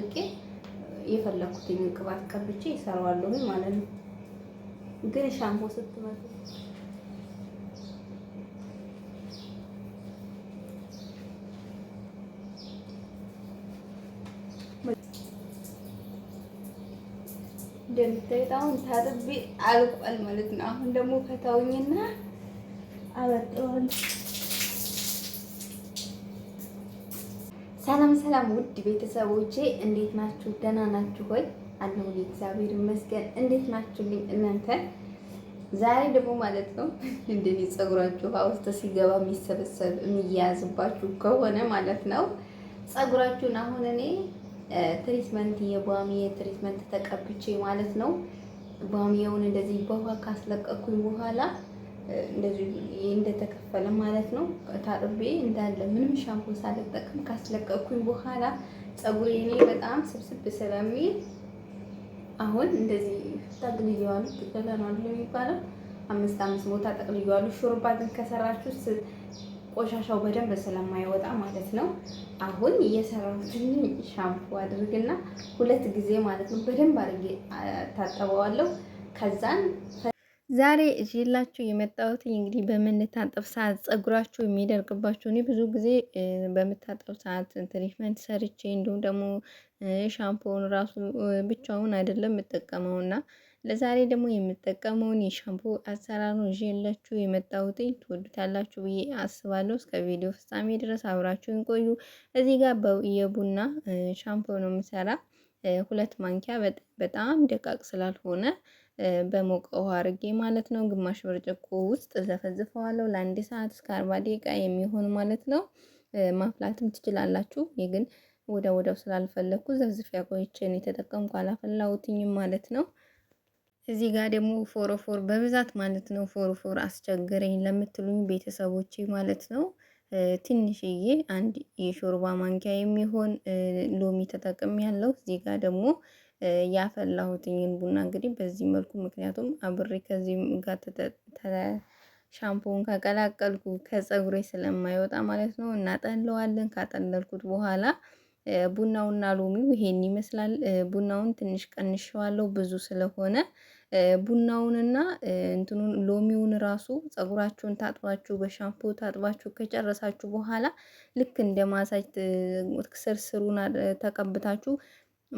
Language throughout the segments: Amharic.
አጥልቄ የፈለኩትን ቅባት ቀብቼ ይሰራዋለሁ ማለት ነው። ግን ሻምፖ ስትመጡ እንደምታዩት አሁን ታጥቤ አልቋል ማለት ነው። አሁን ደግሞ ፈታውኝና አበጥረዋለሁ። ሰላም ሰላም ውድ ቤተሰቦቼ እንዴት ናችሁ? ደህና ናችሁ ሆይ? አለሁ እግዚአብሔር ይመስገን። እንዴት ናችሁልኝ እናንተ? ዛሬ ደግሞ ማለት ነው እንደኔ ውሃ ውስጥ ሲገባ የሚሰበሰብ የሚያያዝባችሁ ከሆነ ማለት ነው ፀጉራችሁን አሁን እኔ ትሪትመንት የቧሚ ትሪትመንት ተቀብቼ ማለት ነው ቧሚየውን እንደዚህ በውሃ ካስለቀኩኝ በኋላ እንደተከፈለ ማለት ነው። ታጥቤ እንዳለ ምንም ሻምፖ ሳልጠቅም ካስለቀኩኝ በኋላ ፀጉሬ እኔ በጣም ስብስብ ስለሚል አሁን እንደዚህ ጠቅልየዋሉ ጥቅለናሉ የሚባለው አምስት አምስት ቦታ ጠቅልየዋሉ። ሹርባ ግን ከሰራችሁ ቆሻሻው በደንብ ስለማይወጣ ማለት ነው። አሁን እየሰራሁትን ሻምፖ አድርግና ሁለት ጊዜ ማለት ነው በደንብ አድርጌ ታጠበዋለሁ ከዛን ዛሬ እዚላችሁ የመጣሁት እንግዲህ በምንታጠብ ሰዓት ጸጉራችሁ የሚደርቅባችሁ እኔ ብዙ ጊዜ በምታጠብ ሰዓት ትሪትመንት ሰርቼ እንዲሁም ደግሞ ሻምፖውን ራሱ ብቻውን አይደለም የምጠቀመውና ለዛሬ ደግሞ የምጠቀመውን የሻምፖ አሰራሩን ይዤላችሁ የመጣሁት ትወዱታላችሁ ብዬ አስባለሁ። እስከ ቪዲዮ ፍጻሜ ድረስ አብራችሁን ቆዩ። እዚህ ጋር የቡና ሻምፖ ነው የምሰራ ሁለት ማንኪያ በጣም ደቃቅ ስላልሆነ በሞቀ ውሃ አርጌ ማለት ነው። ግማሽ ብርጭቆ ውስጥ ዘፈዝፈዋለሁ ለአንድ ሰዓት እስከ አርባ ደቂቃ የሚሆን ማለት ነው። ማፍላትም ትችላላችሁ። ይህ ግን ወደ ወደው ስላልፈለግኩ ዘፍዝፌ አቆይቼን የተጠቀምኩ አላፈላሁትኝም ማለት ነው። እዚህ ጋር ደግሞ ፎሮፎር በብዛት ማለት ነው። ፎሮፎር አስቸግረኝ ለምትሉኝ ቤተሰቦቼ ማለት ነው ትንሽዬ አንድ የሾርባ ማንኪያ የሚሆን ሎሚ ተጠቅም ያለው። እዚህ ጋር ደግሞ ያፈላሁትኝን ቡና እንግዲህ በዚህ መልኩ ምክንያቱም አብሬ ከዚህም ጋር ሻምፖውን ከቀላቀልኩ ከጸጉሬ ስለማይወጣ ማለት ነው። እናጠለዋለን። ካጠለልኩት በኋላ ቡናውና ሎሚው ይሄን ይመስላል። ቡናውን ትንሽ ቀንሸዋለሁ ብዙ ስለሆነ ቡናውንና እንትኑን ሎሚውን ራሱ ጸጉራችሁን ታጥባችሁ በሻምፖ ታጥባችሁ ከጨረሳችሁ በኋላ ልክ እንደ ማሳጅ ስርስሩን ተቀብታችሁ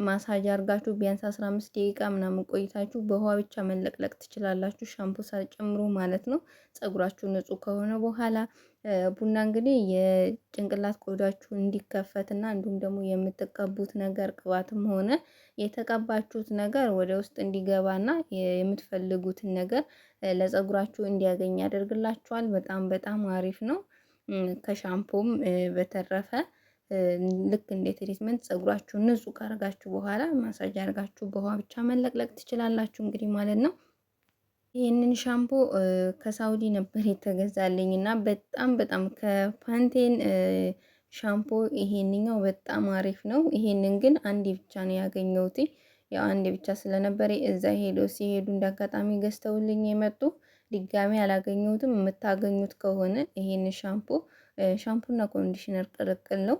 ማሳጅ አርጋችሁ ቢያንስ 15 ደቂቃ ምናምን ቆይታችሁ በውሃ ብቻ መለቅለቅ ትችላላችሁ፣ ሻምፖ ሳጨምሩ ማለት ነው። ጸጉራችሁ ንጹህ ከሆነ በኋላ ቡና እንግዲህ የጭንቅላት ቆዳችሁ እንዲከፈትና እንዲሁም ደግሞ የምትቀቡት ነገር ቅባትም ሆነ የተቀባችሁት ነገር ወደ ውስጥ እንዲገባና የምትፈልጉትን ነገር ለጸጉራችሁ እንዲያገኝ ያደርግላችኋል። በጣም በጣም አሪፍ ነው ከሻምፖም በተረፈ ልክ እንደ ትሪትመንት ጸጉራችሁ ንጹህ ካረጋችሁ በኋላ ማሳጅ አርጋችሁ በውሃ ብቻ መለቅለቅ ትችላላችሁ እንግዲህ ማለት ነው። ይህንን ሻምፖ ከሳውዲ ነበር የተገዛልኝ እና በጣም በጣም ከፓንቴን ሻምፖ ይሄንኛው በጣም አሪፍ ነው። ይሄንን ግን አንዴ ብቻ ነው ያገኘሁት። ያው አንዴ ብቻ ስለነበረ እዛ ሄዶ ሲሄዱ እንዳጋጣሚ ገዝተውልኝ የመጡ ድጋሚ አላገኘሁትም። የምታገኙት ከሆነ ይሄን ሻምፖ ሻምፖና ኮንዲሽነር ቅልቅል ነው።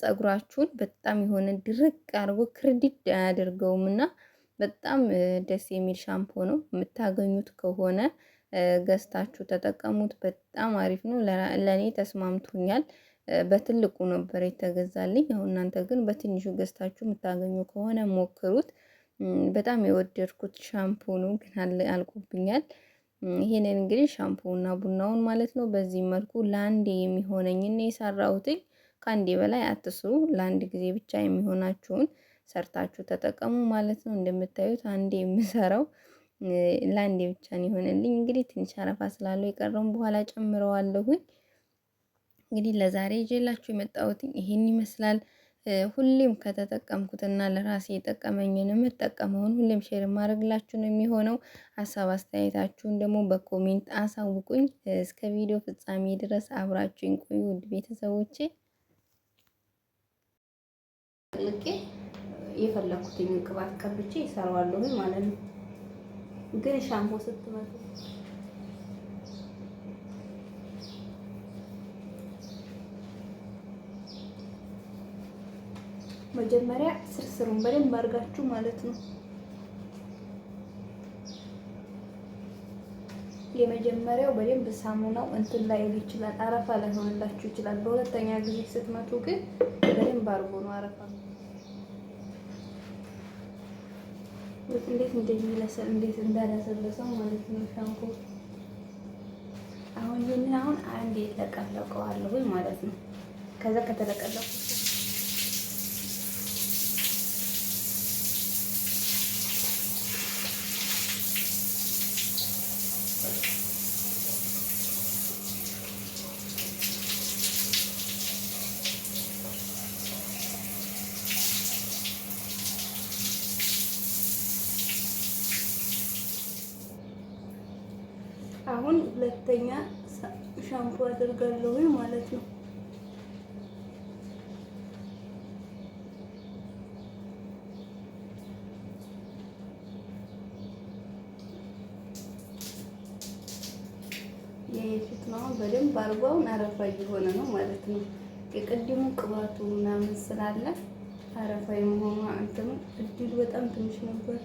ጸጉራችሁን በጣም የሆነ ድርቅ አድርጎ ክርዲድ አያደርገውም እና በጣም ደስ የሚል ሻምፖ ነው። የምታገኙት ከሆነ ገዝታችሁ ተጠቀሙት። በጣም አሪፍ ነው። ለእኔ ተስማምቶኛል። በትልቁ ነበር የተገዛልኝ። አሁን እናንተ ግን በትንሹ ገዝታችሁ የምታገኙ ከሆነ ሞክሩት። በጣም የወደድኩት ሻምፖ ነው፣ ግን አልቆብኛል። ይሄንን እንግዲህ ሻምፖ እና ቡናውን ማለት ነው በዚህ መልኩ ለአንዴ የሚሆነኝን የሰራሁትኝ ከአንዴ በላይ አትስሩ። ለአንድ ጊዜ ብቻ የሚሆናችሁን ሰርታችሁ ተጠቀሙ ማለት ነው። እንደምታዩት አንዴ የምሰራው ለአንዴ ብቻ ነው የሆነልኝ። እንግዲህ ትንሽ አረፋ ስላለው የቀረውን በኋላ ጨምረዋለሁኝ። እንግዲህ ለዛሬ ይዤላችሁ የመጣሁት ይሄን ይመስላል። ሁሌም ከተጠቀምኩትና ለራሴ የጠቀመኝን የምጠቀመውን ሁሌም ሼር ማድረግላችሁ ነው የሚሆነው። ሀሳብ አስተያየታችሁን ደግሞ በኮሜንት አሳውቁኝ። እስከ ቪዲዮ ፍጻሜ ድረስ አብራችሁኝ ቆዩ ውድ ቤተሰቦቼ። ልቄ የፈለኩትኝ ቅባት ቀብቼ ይሰራዋለሁ ማለት ነው። ግን ሻምፖ ስትመጡ መጀመሪያ ስርስሩን በደንብ አድርጋችሁ ማለት ነው። የመጀመሪያው በደንብ ሳሙናው እንትን ላይ ይችላል፣ አረፋ ላይ ይችላል። በሁለተኛ ጊዜ ስትመጡ ግን በደንብ አድርጎ ነው አረፋ እንዴት እንደሚለሰል እንዴት እንዳለሰለሰው ማለት ነው ሻምፖ። አሁን ይህንን አሁን አንዴ ለቀለቀዋለሁ ማለት ነው። ከዛ ከተለቀለቁ አሁን ሁለተኛ ሻምፑ አድርጋለሁ ማለት ነው። የፊት ነው በደንብ አርጓውን አረፋ እየሆነ ነው ማለት ነው። የቀድሙ ቅባቱ ምናምን ስላለ አረፋ የመሆኑ እንትኑ እድል በጣም ትንሽ ነበር።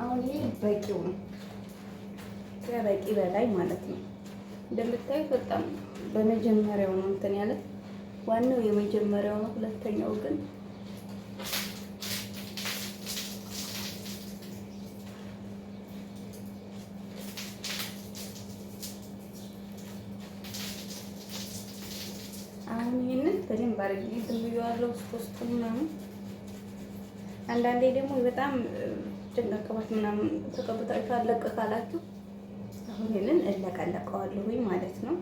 አሁን ይሄ በቂው ነው፣ ከበቂ በላይ ማለት ነው። እንደምታዩት በጣም በመጀመሪያው ነው እንትን ያለ ዋናው የመጀመሪያው ነው። ሁለተኛው ግን አሁን ይህንን በደንብ አድርጌ ዝም ብዬዋለሁ። ውስጥ ምናምን አንዳንዴ ደግሞ በጣም ደንገል ቅባት ምናምን ተቀብታችሁ አለቅ ካላችሁ አሁን ይህንን እለቀለቀዋለሁኝ ማለት ነው።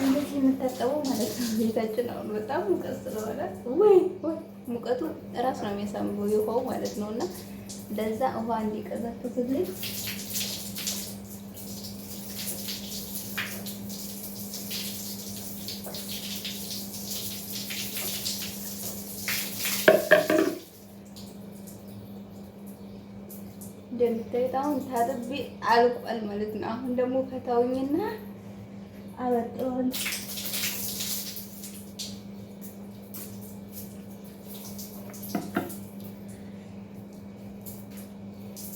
እንደዚህ የምታጠበው ማለት ነው። ቤታችን አሁን በጣም ሙቀት ስለሆነ ወይ ወይ ሙቀቱ እራሱ ነው የሚያሳምበው የውሃው ማለት ነው እና ለዛ ውሃ እንዲቀዘቅዝልኝ እንደምታዩት አሁን ታጥቤ አልቋል ማለት ነው። አሁን ደግሞ ፈታውኝና አበጥረዋል።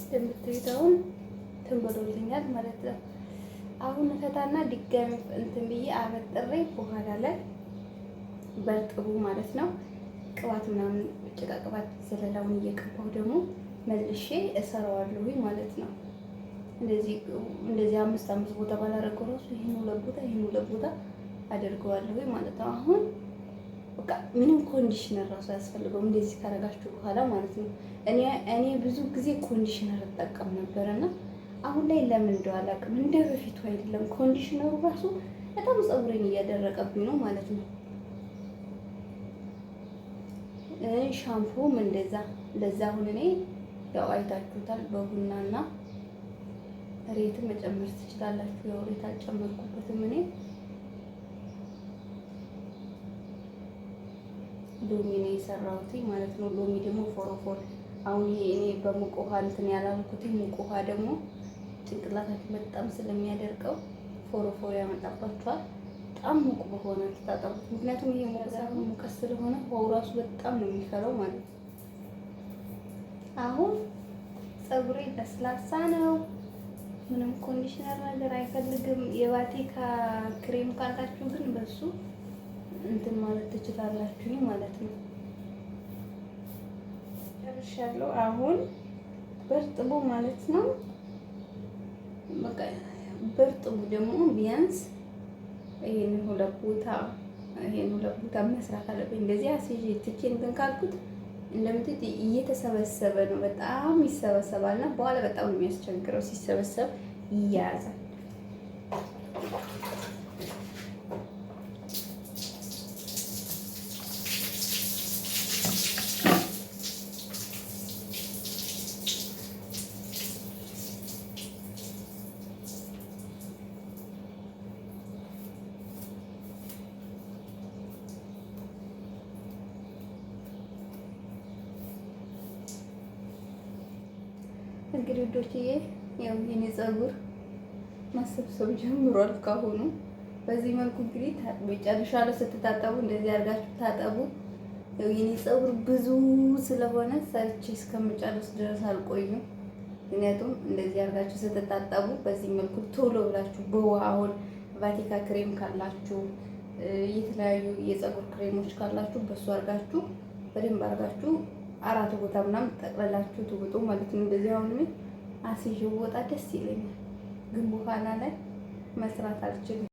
እንደምታዩት አሁን ትንበሎልኛል ማለት ነው። አሁን ፈታና ድጋሚ እንትን ብዬ አበጥሬ በኋላ ላይ በጥቡ ማለት ነው ቅባት ምናምን ጭቃ ቅባት ዘለላውን እየቀባው ደግሞ መልሼ እሰራዋለሁኝ ማለት ነው። እንደዚህ አምስት አምስት ቦታ ባላደረገው ራሱ ይህን ሁለት ቦታ ይህን ሁለት ቦታ አደርገዋለሁኝ ማለት ነው። አሁን በቃ ምንም ኮንዲሽነር ራሱ አያስፈልገውም እንደዚህ ካረጋችሁ በኋላ ማለት ነው። እኔ እኔ ብዙ ጊዜ ኮንዲሽነር እጠቀም ነበረ እና አሁን ላይ ለምን እንደው አላውቅም፣ እንደ በፊቱ አይደለም። ኮንዲሽነሩ ራሱ በጣም ፀጉሬን እያደረቀብኝ ነው ማለት ነው። ሻምፖም እንደዛ ለዛ አሁን እኔ ያው አይታችሁታል። በቡናና ሬትን መጨመር ትችላላችሁ። ያው ሬት አልጨመርኩበትም እኔ ሎሚ ነው የሰራሁት ማለት ነው። ሎሚ ደግሞ ፎሮፎር አሁን ይሄ እኔ በሙቅ ውሃ እንትን ያላልኩት ሙቅ ውሃ ደግሞ ጭንቅላታችሁ በጣም ስለሚያደርቀው ፎሮፎር ያመጣባችኋል። በጣም ሙቅ በሆነ ተጣጣሙት። ምክንያቱም ይሄ ሙቀት ስለሆነ ውሃው ራሱ በጣም ነው የሚፈለው ማለት ነው። አሁን ፀጉሬ ለስላሳ ነው። ምንም ኮንዲሽነር ነገር አይፈልግም። የቫቲካ ክሬም ካላችሁ ግን በሱ እንትን ማለት ትችላላችሁ ማለት ነው። ጨርሻለሁ። አሁን በርጥቡ ማለት ነው። በቃ በርጥቡ ደግሞ ቢያንስ ይሄን ሁለት ቦታ ይሄን ሁለት ቦታ መስራት አለብኝ። እንደዚህ አስይዤ ትቼ እንትን ካልኩት እንደምትት እየተሰበሰበ ነው። በጣም ይሰበሰባል ይሰበሰባልና በኋላ በጣም ነው የሚያስቸግረው ሲሰበሰብ ይያያዛል። እንግዲህ ውዶችዬ ያው የኔ ፀጉር መሰብሰብ ጀምሯል ካሁኑ። በዚህ መልኩ እንግዲህ ጨርሻለሁ። ስትታጠቡ እንደዚህ አድርጋችሁ ታጠቡ። ያው የኔ ፀጉር ብዙ ስለሆነ ሰርቼ እስከምጨርስ ድረስ አልቆዩም። ምክንያቱም እንደዚህ አድርጋችሁ ስትታጠቡ በዚህ መልኩ ቶሎ ብላችሁ በውሃ አሁን ቫቲካ ክሬም ካላችሁ የተለያዩ የፀጉር ክሬሞች ካላችሁ በሱ አድርጋችሁ በደንብ አድርጋችሁ አራት ቦታ ምናምን ጠቅለላችሁ ትውጡ ማለት ነው። እንደዚህ አሁን አስይዤ ወጣ ደስ ይለኛል፣ ግን በኋላ ላይ መስራት አልችልም።